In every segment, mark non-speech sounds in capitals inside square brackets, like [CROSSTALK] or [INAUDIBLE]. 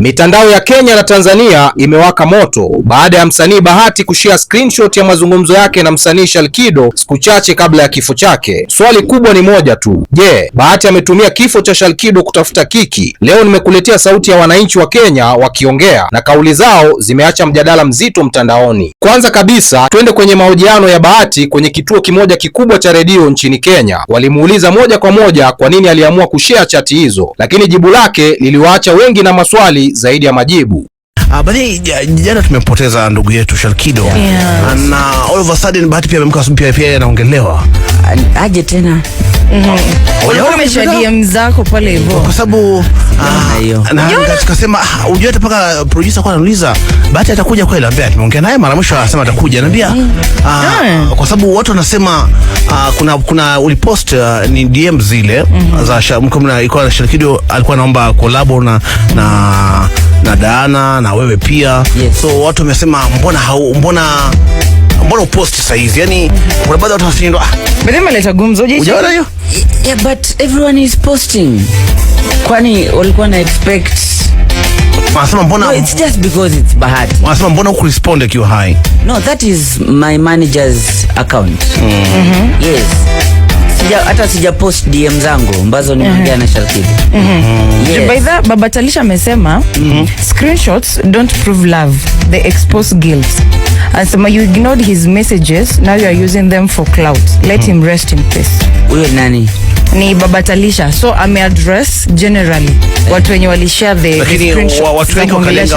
Mitandao ya Kenya na Tanzania imewaka moto baada ya msanii Bahati kushia screenshot ya mazungumzo yake na msanii Shalkido siku chache kabla ya kifo chake. Swali kubwa ni moja tu. Je, Bahati ametumia kifo cha Shalkido kutafuta kiki? Leo nimekuletea sauti ya wananchi wa Kenya wakiongea na kauli zao zimeacha mjadala mzito mtandaoni. Kwanza kabisa, twende kwenye mahojiano ya Bahati kwenye kituo kimoja kikubwa cha redio nchini Kenya. Walimuuliza moja kwa moja kwa nini aliamua kushea chati hizo, lakini jibu lake liliwaacha wengi na maswali zaidi ya majibu. Uh, jana tumepoteza ndugu yetu Shalkido yeah. Na all of a sudden Bahati pia amemka asubuhi pia anaongelewa aje tena DM mhm. zako ah, ah, atakuja tumeongea naye mara mwisho, anasema atakuja. Naambia mhm. ah, kwa sababu watu wanasema kuna kuna ulipost ni DM zile mhm. za ilikuwa na Shalikido alikuwa anaomba collab na na na Dana na wewe pia, so watu wamesema mbona mbona mbona uposti saizi? Yani kuna baadhi ya watu wanashindwa. Mimi ah, leta gumzo, unaona hiyo? Yeah, but everyone is posting. Kwani walikuwa na expect Wanasema mbona no, it's just because it's bad. Wanasema mbona huku respond akiwa hai? No, that is my manager's account. Mm. Mm -hmm. Yes. Sija hata sija post DM zangu ambazo ni mm -hmm. na Shalkid. Mm -hmm. Mm -hmm. Yes. By the Baba Talisha amesema mm -hmm. screenshots don't prove love, they expose guilt. Anasema you ignored his messages, now you are using them for clout. Let mm -hmm. him rest in peace. Huyo nani? Ni Baba Talisha. So ame address generally watu wenye walishare the screenshot. Watu wengi wakalenga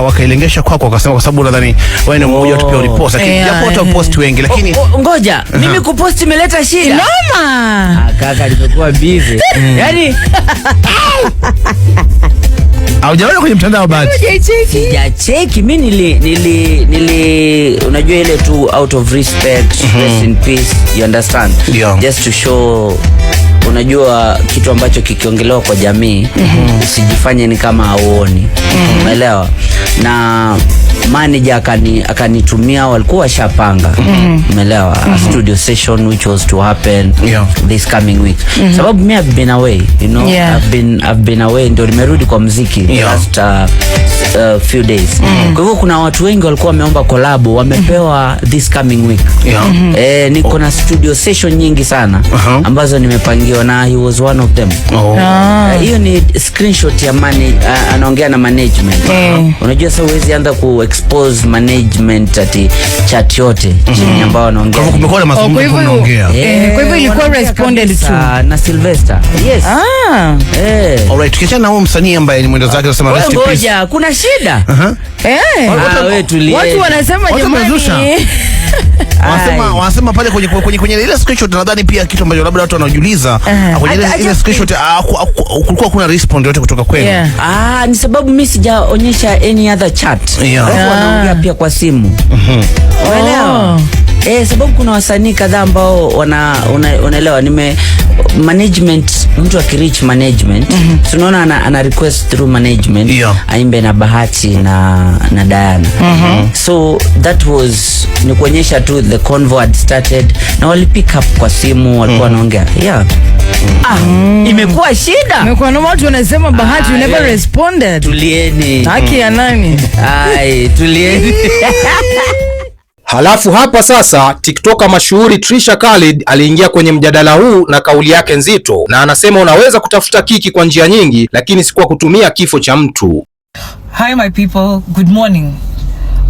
wakailengesha kwako wakasema kwa sababu nadhani wewe ni mmoja tu pia ulipost, oh. lakini japo hata post wengi lakini ngoja uh-huh. mimi kupost imeleta shida. Noma. Ah, kaka alikuwa busy. [LAUGHS] Yaani [LAUGHS] Haujaona kwenye mtandao bado? Sijacheki mimi nili nili nili unajua ile tu out of respect, mm -hmm. rest in peace, you understand? Yeah. Just to show unajua kitu ambacho kikiongelewa kwa jamii mm -hmm. usijifanye ni kama hauoni. Mhm. Umeelewa? Mm -hmm. Na manager akani akanitumia, walikuwa washapanga, mhm. umeelewa mm -hmm. mm -hmm. studio session which was to happen yeah. this coming week mm -hmm. sababu mimi I've been away you know yeah. I've been I've been away ndio nimerudi kwa muziki yeah. last uh, uh, few days mm. -hmm. Kwa hivyo kuna watu wengi walikuwa wameomba collab wamepewa mm. -hmm. this coming week yeah. mm -hmm. Eh, niko na oh. studio session nyingi sana uh -huh. ambazo nimepangiwa na he was one of them oh. Ah. Eh, hiyo oh. uh, ni screenshot ya mani, uh, anaongea na management eh. Uh -huh. Unajua sasa huwezi anza ku expose management ati chat yote mm -hmm. ambao anaongea Kwa kumekuwa na oh, mazungumzo oh, kunaongea eh, kwa hivyo ilikuwa responded to na Sylvester yes ah eh alright tukiachana na huyo msanii ambaye ni mwendo zake anasema rest in peace kuna shida. Eh. Ah, watu wanasema jamani. [LAUGHS] Wanasema pale kwenye kwenye kwenye ile screenshot nadhani pia kitu ambacho labda watu wanajiuliza eh. ah, kwenye ile screenshot ah, kulikuwa kuna response yote kutoka kwenu. Yeah. Ah, ni sababu mimi sijaonyesha any other chat. Yeah. Wanaongea pia kwa simu. Mhm. Unaelewa? Oh. Eh, sababu kuna wasanii kadhaa ambao wana unaelewa nime management mtu akireach management mm -hmm. tunaona ana, ana request through management yeah. aimbe na Bahati na na Diana mm -hmm. so that was ni kuonyesha tu the convo had started na wali pick up kwa simu walikuwa mhm. wanaongea mm -hmm. yeah Ah, mm. Imekuwa shida. Imekuwa na watu wanasema Bahati you ah, never responded. Tulieni. Haki ya nani? Ai, tulieni. [LAUGHS] Halafu hapa sasa TikToker mashuhuri Trisha Khalid aliingia kwenye mjadala huu na kauli yake nzito, na anasema unaweza kutafuta kiki kwa njia nyingi, lakini si kwa kutumia kifo cha mtu. Hi my people, good morning.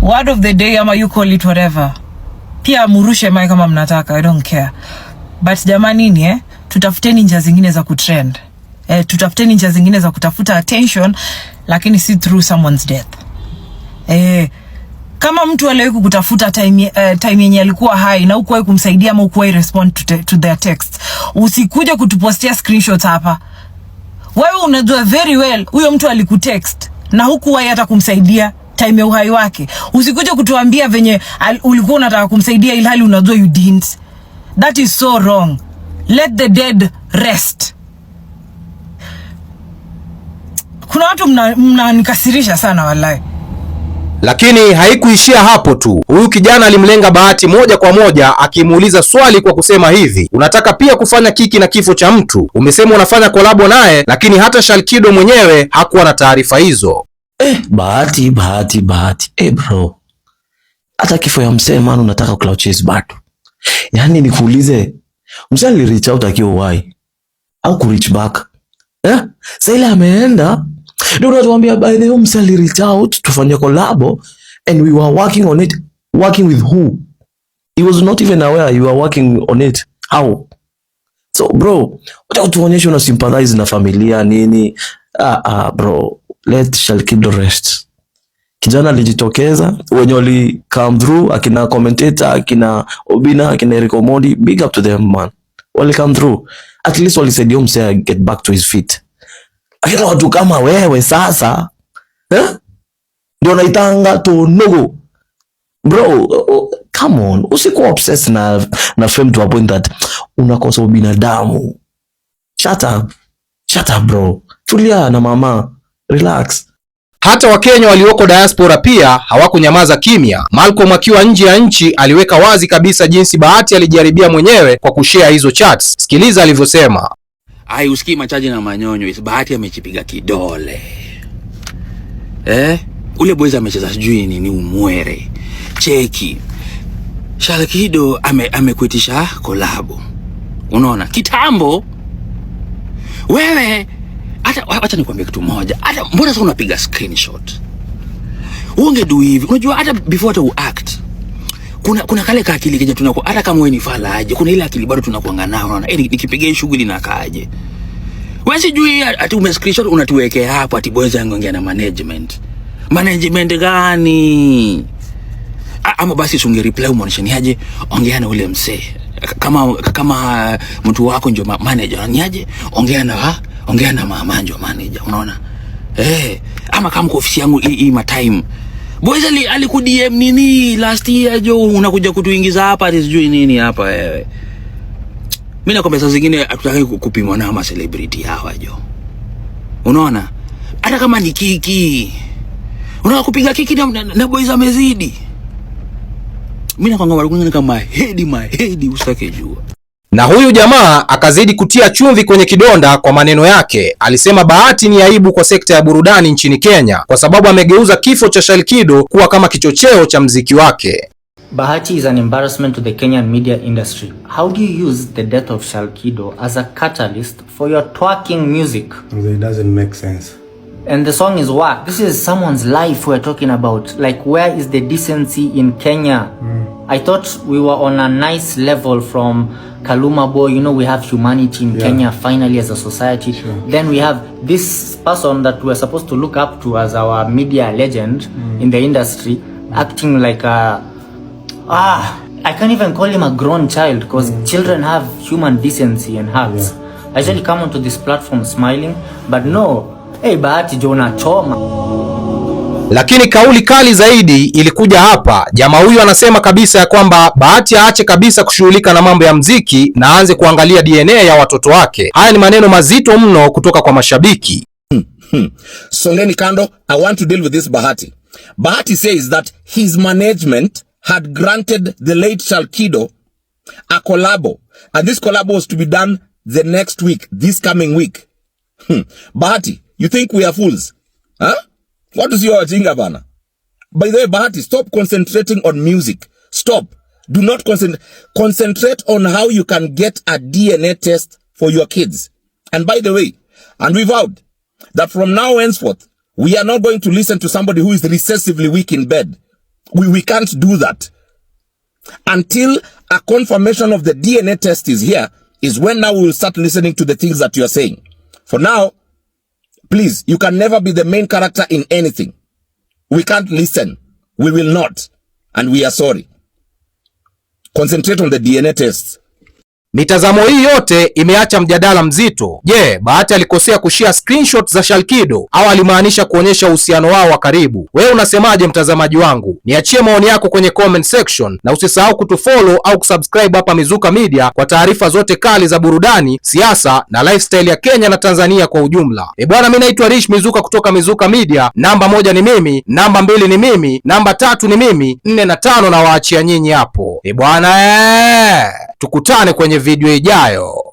Word of the day ama you call it whatever. Pia murushe mai kama mnataka, I don't care. But jamani ni eh, tutafuteni njia zingine za kutrend. Eh, tutafuteni njia zingine za kutafuta attention lakini si through someone's death. Eh, kama mtu aliwahi kukutafuta time uh, time yenye alikuwa hai na ukuwahi kumsaidia ama ukuwahi respond to, te, to their text, usikuja kutupostia screenshot hapa. Wewe unajua very well huyo mtu alikutext na hukuwahi hata kumsaidia time ya uhai wake. Usikuja kutuambia venye al, ulikuwa unataka kumsaidia ilhali unajua you didn't. That is so wrong. Let the dead rest. Kuna watu mnanikasirisha mna sana wallahi. Lakini haikuishia hapo tu. Huyu kijana alimlenga Bahati moja kwa moja, akimuuliza swali kwa kusema hivi, unataka pia kufanya kiki na kifo cha mtu? Umesema unafanya kolabo naye, lakini hata Shalkido mwenyewe hakuwa na taarifa hizo. Eh, Bahati, Bahati, Bahati. Eh, bro. Hata kifo ya msee man unataka clout chase bado. Yaani nikuulize, msee ali reach out akiwa wai au ku reach back? Eh? Sasa ile ameenda ndio natuambia by the way, Msali reach out tufanye collab and we were working on it. Working with who? He was not even aware you were working on it. How? So bro, wacha tuonyeshe una sympathize na familia nini? Ah, ah, bro, let shall keep the rest. Kijana alijitokeza wenye wali come through, akina commentator, akina Obina, akina Eric Omondi, big up to them man. Wali come through. At least walisaidia msee get back to his feet. Lakini watu kama wewe sasa eh? Ndio naitanga tunugu bro, come on, usikuwa obsessed na, na fame to a point that unakosa ubinadamu. Shut up. Shut up bro, tulia na mama, relax. Hata Wakenya walioko diaspora pia hawakunyamaza kimya. Malcolm akiwa nje ya nchi aliweka wazi kabisa jinsi Bahati alijiharibia mwenyewe kwa kushare hizo chats. Sikiliza alivyosema haiusikii machaji na manyonyo. Bahati amechipiga kidole eh? Ule bwezi amecheza sijui ni umwere cheki. Sharkido ame, amekuitisha kolabo. Unaona kitambo wewe hata wacha nikwambie kitu moja. Hata mbona sasa unapiga screenshot? Unge do hivi. Unajua hata before hata uact kuna kuna kale ka akili kija tunako, hata kama wewe ni fala aje, kuna ile akili bado tunakuanga nao, Unaona eh, nikipiga shughuli na kaaje wewe, sijui ati ume screenshot unatuwekea hapo, ati boys yangu ongea na management. Management gani? Ama basi sunge reply ni aje, ongea na ule msee kama kama mtu wako ndio manager ni aje, ongea na ongea na mama ndio manager, unaona eh, ama kama kwa ofisi yangu hii ma time Boys ali, ku DM nini last year jo, unakuja kutuingiza hapa ati sijui nini hapa wewe. Mimi nakwambia saa zingine hatutaki kupimwa na ma celebrity hawa jo. Unaona? Hata kama ni kiki. Unaona kupiga kiki na, na, na boys amezidi. Mimi nakwambia walikunga kama head my head usake jua. Na huyu jamaa akazidi kutia chumvi kwenye kidonda kwa maneno yake. Alisema Bahati ni aibu kwa sekta ya burudani nchini Kenya kwa sababu amegeuza kifo cha Shalikido kuwa kama kichocheo cha mziki wake. Bahati is an embarrassment to the Kenyan media industry. How do you use the death of Shalikido as a catalyst for your twerking music? It doesn't make sense. And the song is what? This is someone's life we're talking about. Like where is the decency in Kenya? Mm. I thought we were on a nice level from Kaluma boy, you know we have humanity in yeah. Kenya finally as a society sure. Then we have this person that we're supposed to look up to as our media legend mm. in the industry mm. acting like a ah I can't even call him a grown child because mm. children have human decency and hearts yeah. I mm. come onto this platform smiling but no hey bahati jo unachoma lakini kauli kali zaidi ilikuja hapa. Jamaa huyu anasema kabisa ya kwamba Bahati aache kabisa kushughulika na mambo ya mziki na aanze kuangalia DNA ya watoto wake. Haya ni maneno mazito mno kutoka kwa mashabiki. Hmm, hmm. Songeni kando, I want to deal with this Bahati. Bahati says that his management had granted the late Shalkido a collabo and this collabo was to be done the next week, this coming week. Hmm. Bahati, you think we are fools? Huh? Watu sio wajinga bana. By the way, Bahati, stop concentrating on music. Stop. Do not concentrate. Concentrate on how you can get a DNA test for your kids. And by the way, and we vowed that from now henceforth, we are not going to listen to somebody who is recessively weak in bed. We, we can't do that. Until a confirmation of the DNA test is here, is when now we will start listening to the things that you are saying. For now, Please, you can never be the main character in anything. We can't listen. We will not. And we are sorry. Concentrate on the DNA tests. Mitazamo hii yote imeacha mjadala mzito. Je, Bahati alikosea kushia screenshot za Shalkido au alimaanisha kuonyesha uhusiano wao wa karibu? Wewe unasemaje, mtazamaji wangu? Niachie maoni yako kwenye comment section na usisahau kutufollow au kusubscribe hapa Mizuka Media kwa taarifa zote kali za burudani, siasa na lifestyle ya Kenya na Tanzania kwa ujumla. E bwana, mimi naitwa Rich Mizuka kutoka Mizuka Media. Namba moja ni mimi, namba mbili ni mimi, namba tatu ni mimi, nne na tano na waachia nyinyi hapo. E bwana, eh, tukutane kwenye video ijayo.